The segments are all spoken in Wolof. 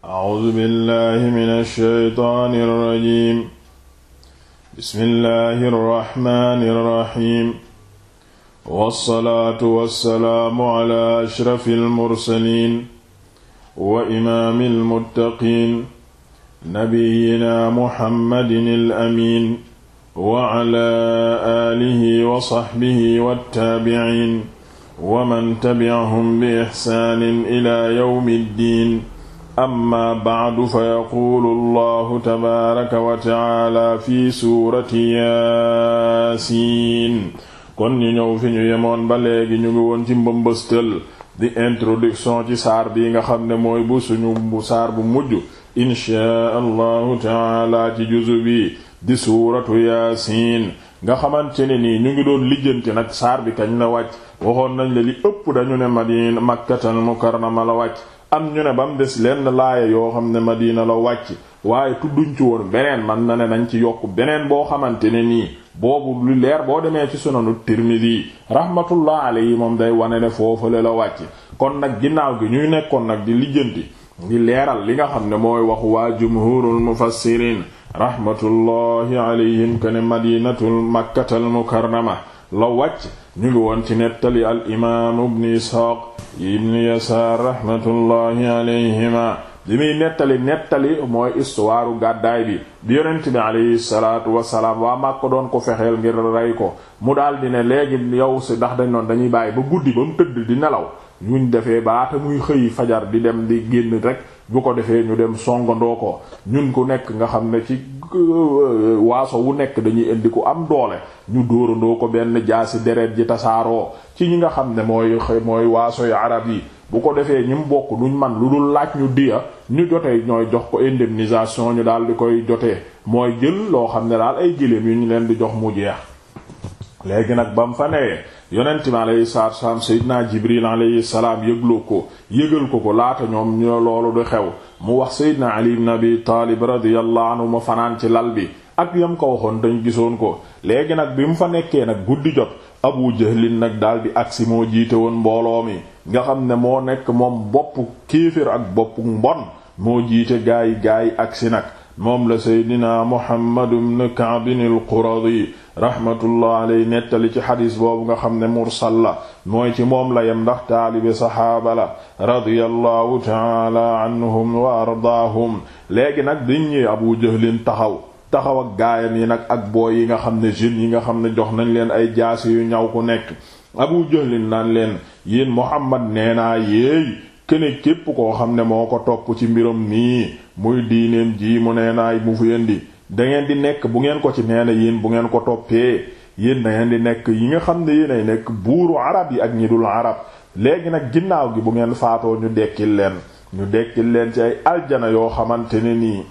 A'uuzu billaahi mina shaytaani rajiim. Bismillaahi rahmaani rahiim. Wassalaatu wassalaamu alaa ashrafil mursaliin. wa imaamil muttaqiin. nabiyyinaa Muhammadinil amiin. wa alaa aalihi wa sahbihi wattaabi'iin. wa man tabi'ahum bi ihsaanin ilaa yawmid diin. amma ba'du fa yaquulu allahu tabaaraka wa taala fi suurati yaasiin kon ñu ñëw fi ñu yemoon ba léegi ñu ngi woon ci mbëmbëstël di introduction ci saar bi nga xam ne mooy bu suñu bu saar bu mujj inchaa allahu taala ci juzu bi di suuratu yaasiin nga xamante ne nii ñu ngi doon lijjanti nag saar bi kañ la wàcc waxoon nañ la li ëpp dañu ne madina makkatal mukarrama la wàcc am ñu ne ba mu des lenn laaya yoo xam ne Madina la wàcc waaye tudduñ ci woon beneen man na ne nañ ci yokk beneen boo xamante ne nii boobu lu leer boo demee ci yi Tirmidi rahmatullah yi moom day wane ne foofale la wàcc kon nag ginnaaw gi ñuy nekkoon nag di lijjanti di leeral li nga xam ne mooy waxu waa jumhurul mufassirin rahmatullahi alayhim kene madinatul makkatal mukarrama la wàcc ñu ngi woon ci nettali al imaam ibn Isxaaq ibn Yasaar rahmatullahi alayhima li muy nettali nettali mooy istuwaaru gàddaay bi bi yonent bi alayhi salaatu wasalaam waa Makka doon ko fexeel ngir rey ko mu daal di ne léegi yow si ndax dañ doon dañuy bàyyi ba guddi ba mu tëdd di nelaw ñuñ defee baata muy xëy fajar di dem di génn rek bu ko defee ñu dem songandoo ko ñun ku nekk nga xam ne ci euh, waaso wu nekk dañuy indi ku am doole ñu dóorandoo ko benn jaasi deret ji tasaaroo ci ñi nga xam ne mooy mooy waaso yu arab yi bu ko defee ñi bokk bokk ñu man lu dul laaj ñu diya ñu jotee ñooy jox ko indemnisation ñu daal di koy jotee mooy jël loo xam ne daal ay giléem yu ñu leen di jox mu jeex léegi nag ba mu fa newee yonent mi alayhi salaatu salaam Seydina Jibril alayhi salaam yëgloo ko yëgal ko ko laata ñoom ñoo loolu du xew mu wax Seydina Ali ibn Abi Taalib radiyallahu anhu ma fanaan ci lal bi ak yam ko waxoon dañu gisoon ko léegi nag bi mu fa nekkee nag guddi jot Abu Jahlin nag daldi agsi moo jiite woon mbooloo mi nga xam ne moo nekk moom boppu kéefir ak boppu mbon moo jiite gaay gaay agsi nag moom la Seydina Muhammad ibn Ka'b al-Quradi rahmatullah alay nettali ci xadis boobu nga xam ne mursal la mooy ci moom la yem ndax taalibe saxaaba la radiyallahu taala anhum wa ardaahum léegi nag diñ ñi abu jahlin taxaw taxaw ak gaayam yi nag ak booy yi nga xam ne jeunes yi nga xam ne jox nañ leen ay jaasi yu ñaw ku nekk abu jahlin naan leen yéen muhammad nee naa yéey kene képp koo xam ne moo ko topp ci mbiram nii muy diineem ji mu nee naay mu fi indi da ngeen di nekk bu ngeen ko ci neena na yéen bu ngeen ko toppee yéen dangeen di nekk yi nga xam ne yéen ay nekk buuru arab yi ak ñi dul arab léegi nag ginnaaw gi bu ngeen faatoo ñu dekkil leen ñu dekkil leen ci ay aljana yoo xamante ne nii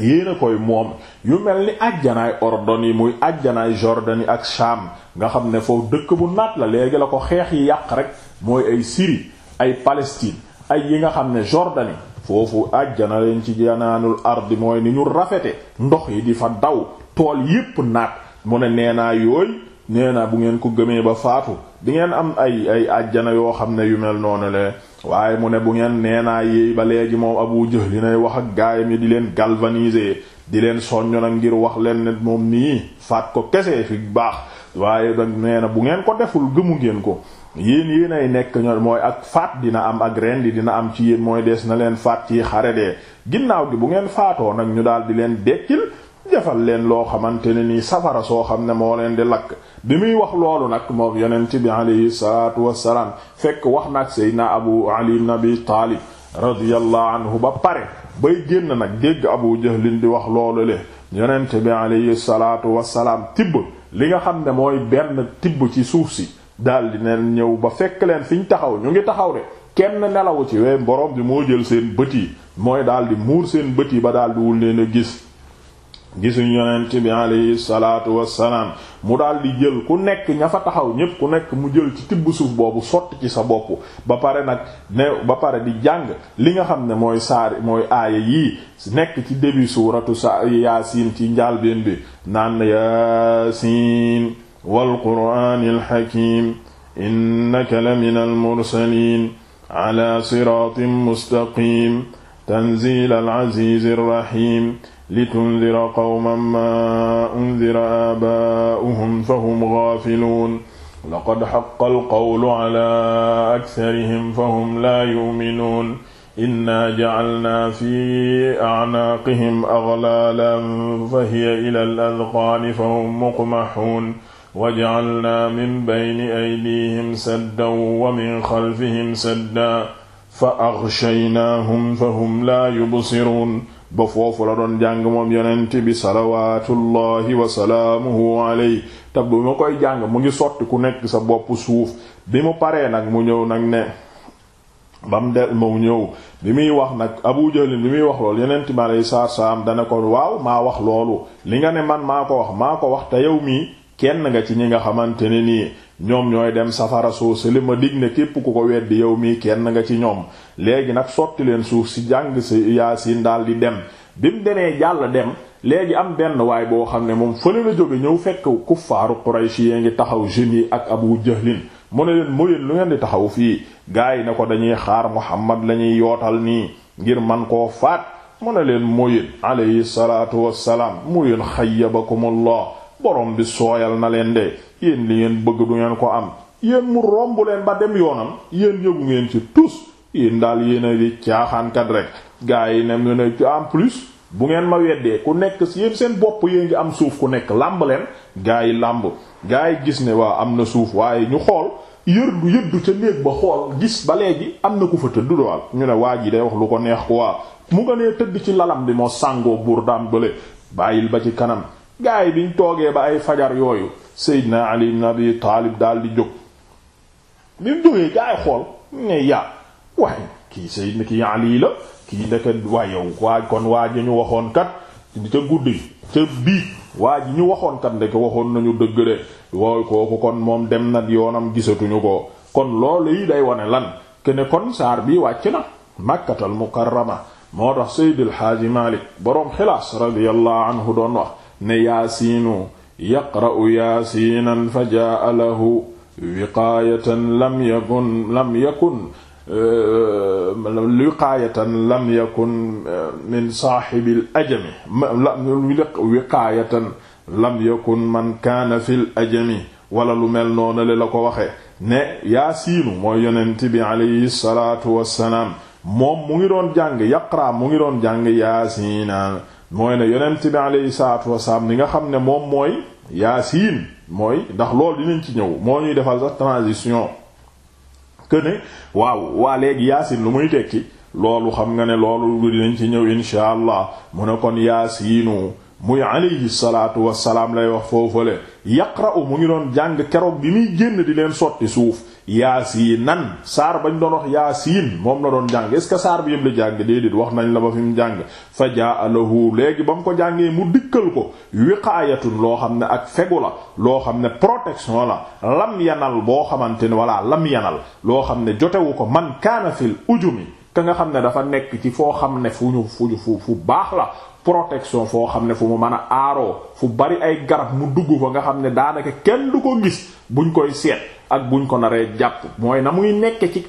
yéen koy moom yu mel ni ajjanaay ordon yi muy ajjanaay jordan yi ak sham nga xam ne foofu dëkk bu naat la léegi la ko xeex yi yàq rek mooy ay Syrie ay Palestine ay yi nga xam ne Jordanie foofu àjjana leen ci janaanul ardi mooy ni ñu rafete ndox yi di fa daw tool yépp naat mu ne nee naa yooyu nee naa bu ngeen ko gëmee ba faatu di ngeen am ay ay àjjana yoo xam ne yu mel noonu le waaye mu ne bu ngeen nee naa yéey ba léegi moom Abu Jahl li nay wax ak gaayam yi di leen galvaniser di leen soññ nag ngir wax leen ne moom nii faat ko kese fi baax waaye da nee na bu ngeen ko deful gëmu ngeen ko yéen yéen ay nekk ñoo mooy ak faat dina am ak rendi dina am ci yéen mooy dees na leen faat ci xare dee ginnaaw gi bu ngeen faatoo nag ñu daal di leen dekkil defal leen loo xamante ne nii safara soo xam ne moo leen di lakk bi muy wax loolu nag moom yonent bi alayhi salaatu wassalaam fekk wax na ak seydina abu ali nabi abi taalib radiyallahu anhu ba pare bay génn nag dégg abu jahlin di wax loolu le yonent bi alayhi salaatu wassalaam tibb li nga xam ne mooy benn tibb ci suuf si daldi neen ñëw ba fekk leen fi ñu taxaw ñu ngi taxaw de kenn nelawu ci we borom bi moo jël seen bët yi mooy daldi muur seen bët yi ba daldi wul leen a gis gisuñu yonent bi alayhi salaatu wassalaam mu daldi jël ku nekk ña fa taxaw ñépp ku nekk mu jël ci tibb suuf boobu sott ci sa bopp ba pare nag ne ba pare di jàng li nga xam ne mooy saari mooy aaya yii nekk ci début suuratu sa yaasin ci njàlbeen bi naan yaasin wal qur'aanil hakiim innaka laminal mursaliin alaa siraatin mustaqiim tanziilal aziizir rahiim litundira qawman maa undira aabaa'uhum fahum gaafiluun laqad haqqal qawlu alaa aktharihim fahum laa yu'minuun innaa ja'alnaa fii a'naaqihim aghlaalan fahiya ilal adqaani fahum muqmahuun waj'alnaa min bayni aydihim saddan wa min xalfihim saddan fa aghshaynaahum fa hum laa yubsiruun ba foofu la doon jàng moom yonent bi salawaatullahi wa salaamuhu alayhi te bu ma koy jàng mu ngi sotti ku nekk sa boppu suuf bi mu paree nag mu ñëw nag ne bam del mu ñëw bi muy wax nag abu jalin bi muy wax loolu yeneen mi aleyi salaatu salaam dana ko waaw maa wax loolu li nga ne man maa ko wax maa ko wax te yow mii kenn nga ci ñi nga xamante ne nii ñoom ñooy dem safara soo sali ma dig ne képp ku ko weddi yow mii kenn nga ci ñoom léegi nag sotti leen suuf si jàng si yaasin daal di dem bi mu demee jàll dem léegi am benn waay boo xam ne moom fële la jóge ñëw fekk kuffaaru Quraysh yee ngi taxaw jeunes yi ak Abu Jahlin mu ne leen moyeen lu ngeen di taxaw fii gars yi ne ko dañuy xaar Muhammad la ñuy yootal nii ngir man koo faat mu ne leen moyeen alayhi salaatu wassalaam moyeen xayyabakumullah borom bi sooyal na leen de yéen li ngeen bëgg du ngeen ko am yéen mu romb leen ba dem yoonam yéen yëgu ngeen ci tus yéen daal yéen a di caaxaankat rek gars yi ne ñu ne en plus bu ngeen ma weddee ku nekk si yéen seen bopp yéen ngi am suuf ku nekk làmb leen gars yi làmb gars yi gis ne waa am na suuf waaye ñu xool yërdu yëddu ca néeg ba xool gis ba léegi am na ku fa tëdd dool ñu ne waa ji day wax lu ko neex quoi mu nga nee tëdd ci lalam bi moo sàngoo buur daam bàyyil ba ci kanam gaay biñ toogee ba ay fajar yooyu Seydina Ali na Abi Taalib daal di jóg bi mu jógee gaay xool ne yaa waaye kii Seydina kii Ali la kii ndeke waa yow kon waa ji ñu waxoon kat ca guddi ca biig waa ji ñu waxoon ndeke waxoon nañu dëgg de wooy kooku kon moom dem na yoonam gisatuñu ko kon loolu yi day wone lan kene kon saar bi wàcc na Makkatal Mukarrama moo tax Seydil Haaji Maalik boroom xilaas radiyallahu doon wax ne yaasiinu yaqra'u yaasiinan fa jaa lahu wiqaayatan lam yakun lam yakun eh, wiqaayatan lam yakun eh, min saaxibil ajami wiqaayatan lam yakun man kaana fil ajami wala lu mel noonu la ko waxe ne yaasiinu mooy yonent bi alayhi salaatu wassalaam moom mu ngi doon jàng yaqra mu ngi doon jàng yaasiina mooy ne yonent bi aleyhi salaatu wasalaam li nga xam ne moom mooy yaasiin mooy ndax loolu dinañ ci ñëw moo ñuy defal sax transition que ne waaw waa léegi yaasiin lu muy tekki loolu xam nga ne loolu dinañ ci ñëw insha allah mu ne kon yaasiinu muy aleyhi salaatu wasalaam lay wax foofale yaqra'u mu ngi doon jàng keroog bi muy génn di leen sotti suuf yaasiinan saar bañ doon wax yaasiin moom la doon jàng est saar bi yëpp la jàng déedéet wax nañ la ba fi mu jàng fa jaa lahu léegi ba mu ko jàngee mu dikkal ko wiqaayatun loo xam ne ak fegu la loo xam ne protection la lam boo xamante ne walla lam loo xam ne jotewu ko man kaana fil ujumi ka nga xam ne dafa nekk ci foo xam ne fu ñu fu fu fu baax la protection foo xam ne fu mu mën a aaroo fu bari ay garab mu dugg fa nga xam ne daanaka kenn du ko gis buñ koy seet ak buñ ko naree jàpp mooy na muy nekk ci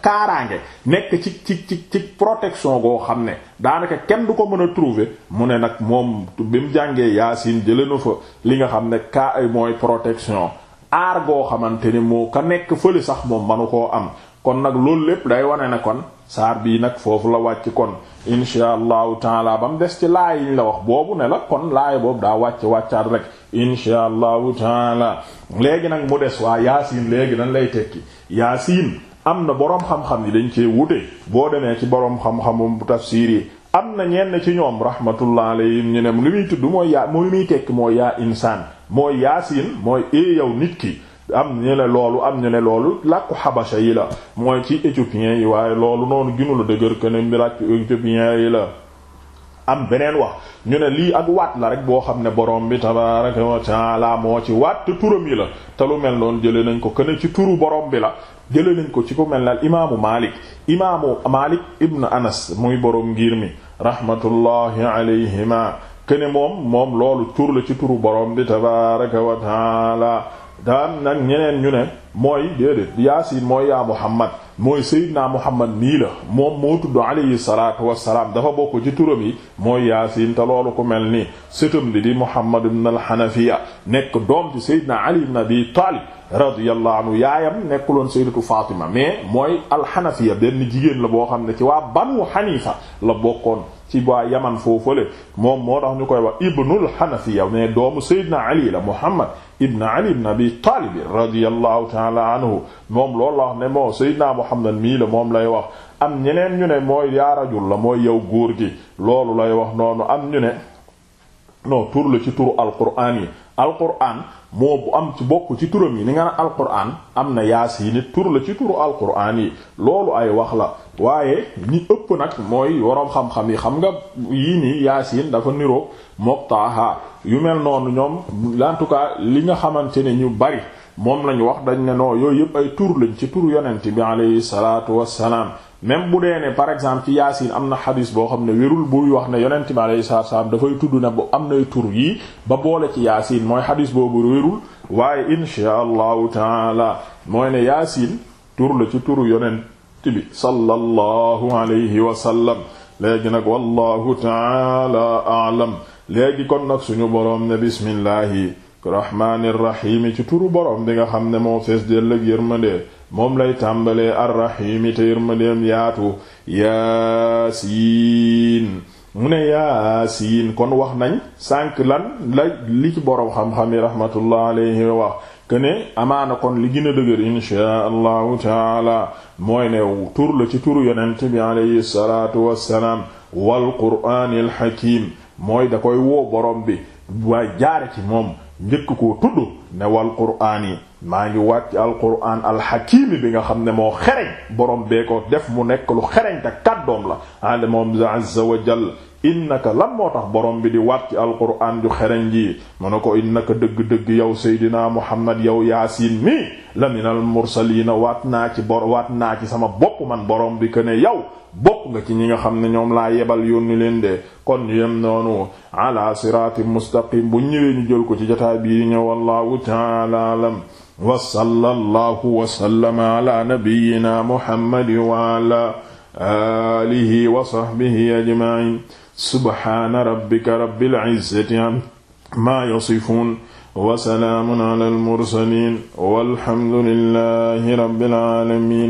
kaaraange nekk ci ci goo xam ne daanaka kenn du ko mën a trouver mu ne nag moom bi mu jàngee Yaasin jële na fa li nga xam ne kaa ay mooy protection aar goo xamante ni moo ko nekk fële sax moom manu koo am kon nag loolu lépp day wane ne kon saar bii nag foofu la wàcc kon insha allahu taala ba mu des ci laay yiñ la wax boobu ne la kon laay boobu daa wàcc wàccaat rek insha allahu taala léegi nag mu des waa yaasiin léegi dañ lay tekki yaasiin am na boroom xam-xam yi dañ cee wute boo demee ci boroom xam bu tafsiir yi am na ñenn ci ñoom rahmatullah alayhim ñu ne li muy tudd mooy yaa mooy muy tekki mooy yaa insaan mooy yaasiin mooy e yow nit ki am ñu ne loolu am ñu ne loolu làkku xabasa yi la mooy ci éthiopiens yi waaye loolu noonu gënu la dëgër que ne mi làkku yi la am beneen wax ñu ne lii ak waat la rek boo xam ne borom bi tabaraka wa taala moo ci waat te turam yi la te lu mel noonu jëlee nañ ko kenn ci turu borom bi la jële nañ ko ci ku mel ne al imaamu Malik imaamu Malik ibn Anas muy borom ngir mi rahmatullahi alayhima kene moom moom loolu tur la ci turu borom bi tabaraka wa daan nag ñeneen ñu ne mooy déedéet yaasin mooy yaa muhammad mooy seydina muhammad nii la moom moo tudd alayhi salaatu wassalaam dafa bokk ci turam yi mooy yaasin te loolu ku mel ni sëtam li di muhammad ibn hanafiya nekk doom ci seydina ali ibn taalib radiyallahu anhu yaayam nekkuloon sayyidatu Fatima mais mooy alxanafiya benn jigéen la boo xam ne ci waa banu xanifa la bokkoon ci waa yaman foofale moom moo tax ñu koy wax ibnul xanafiya mais doomu sayyidina ali la muhammad ibn ali ibn abi talib radiyallahu taala anhu moom loolu la wax ne moo sayyidina muhammad mii la moom lay wax am ñeneen ñu ne mooy yaa rajul la mooy yow góor gi loolu lay wax noonu am ñu ne non tur la ci turu alquran yi alquran moo bu am ci bokk ci turam yi ni nga naan alquran am na yaasiin it tur la ci turu alquran yi loolu ay wax la waaye ñi ëpp nag mooy waroom xam-xam yi xam nga yii nii yaasiin dafa niroog mook taaha yu mel noonu ñoom en li nga xamante ne ñu bari moom lañ wax dañ ne non yooyu yëpp ay lañ ci tur yonent bi alayhi salaatu wassalaam même bu dee par exemple ci yaasin am na xadis boo xam ne wérul buy wax ne yonent bi alayhi salaatu wassalaam dafay tudd na bu am nay tur yii ba boole ci yaasin mooy xadis boobu wérul waaye insha allahu taala mooy ne yaasin tur la ci turu yonent bi sallallahu alayhi wa sallam léegi nag wallahu taala aalam léegi kon nag suñu boroom ne bismillahi rahmaani rahiimi ci turu borom bi nga xam ne moo fees dell ak yërmande moom lay tàmbalee arrahiimi te yërmandeem yaatu yaasiin mu ne yaasiin kon wax nañ sànq lan la li ci borom xam-xam yi rahmatullah alayhi wax kene amaana kon li gën a dëgër inchaa allahu taala mooy ne tur la ci turu yonent bi alayhi salaatu wassalaam wal qur'aanil hakiim mooy da koy woo borom bi waaye jaare ci moom njëkk ko tudd ne wal quraan maa ngi wàcc al quraan al xakiimi bi nga xam ne moo xereñ borom bee ko def mu nekk lu xereñ te kàddoom la ande moom azza wa jal innaka lan moo tax borom bi di wàcc al quraan ju xereñ ji mu ne ko innaka dëgg-dëgg yow seydinaa muhammad yow yaasiin mi la minal mursaliina waat naa ci bor waat naa ci sama bopp man borom bi ko ne yow bokk nga ci ñi nga xam ne ñoom laa yebal yónni leen de kon yem noonu ala siraatin mustaqim bu ñëwee ñu jël ko ci jotaay bii ñëw wallahu ta'ala alam wa sallallahu wa sallama ala nabiyyina muhammadin wa ala alihi wa sahbihi ajma'in subhana rabbika rabbil izzati amma yasifun wa salaamun ala al mursalin walhamdulillahi rabbil alamin